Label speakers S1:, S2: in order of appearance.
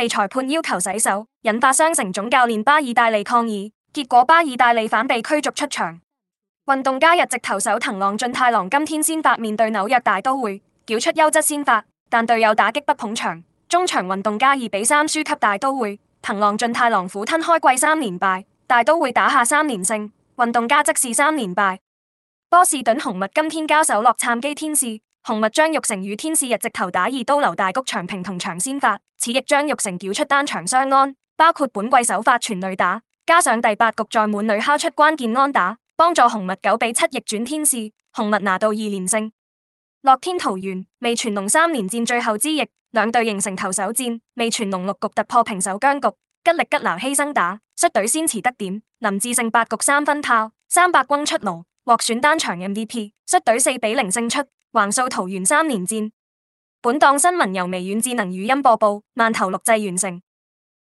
S1: 被裁判要求洗手，引發雙城總教練巴爾戴利抗議，結果巴爾戴利反被驅逐出場。運動家日籍投手藤浪俊太郎今天先發面對紐約大都會，繳出優質先發，但隊友打擊不捧場，中場運動家二比三輸給大都會。藤浪俊太郎苦吞開季三連敗，大都會打下三連勝，運動家則是三連敗。波士頓紅襪今天交手洛杉磯天使。紅密張玉成與天使日直頭打二刀流大局長平同長先發，此役張玉成繳出單場雙安，包括本季手法全壘打，加上第八局在滿壘敲出關鍵安打，幫助紅密九比七逆轉天使。紅密拿到二連勝。樂天桃園未全龍三連戰最後之役，兩隊形成投手戰，未全龍六局突破平手僵局，吉力吉流犧牲打，率隊先持得點，林志勝八局三分炮，三百軍出爐，獲選單場 MVP，率隊四比零勝出。橫掃桃園三連戰，本檔新聞由微軟智能語音播報，慢頭錄製完成。